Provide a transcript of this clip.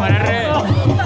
¡Me arreo!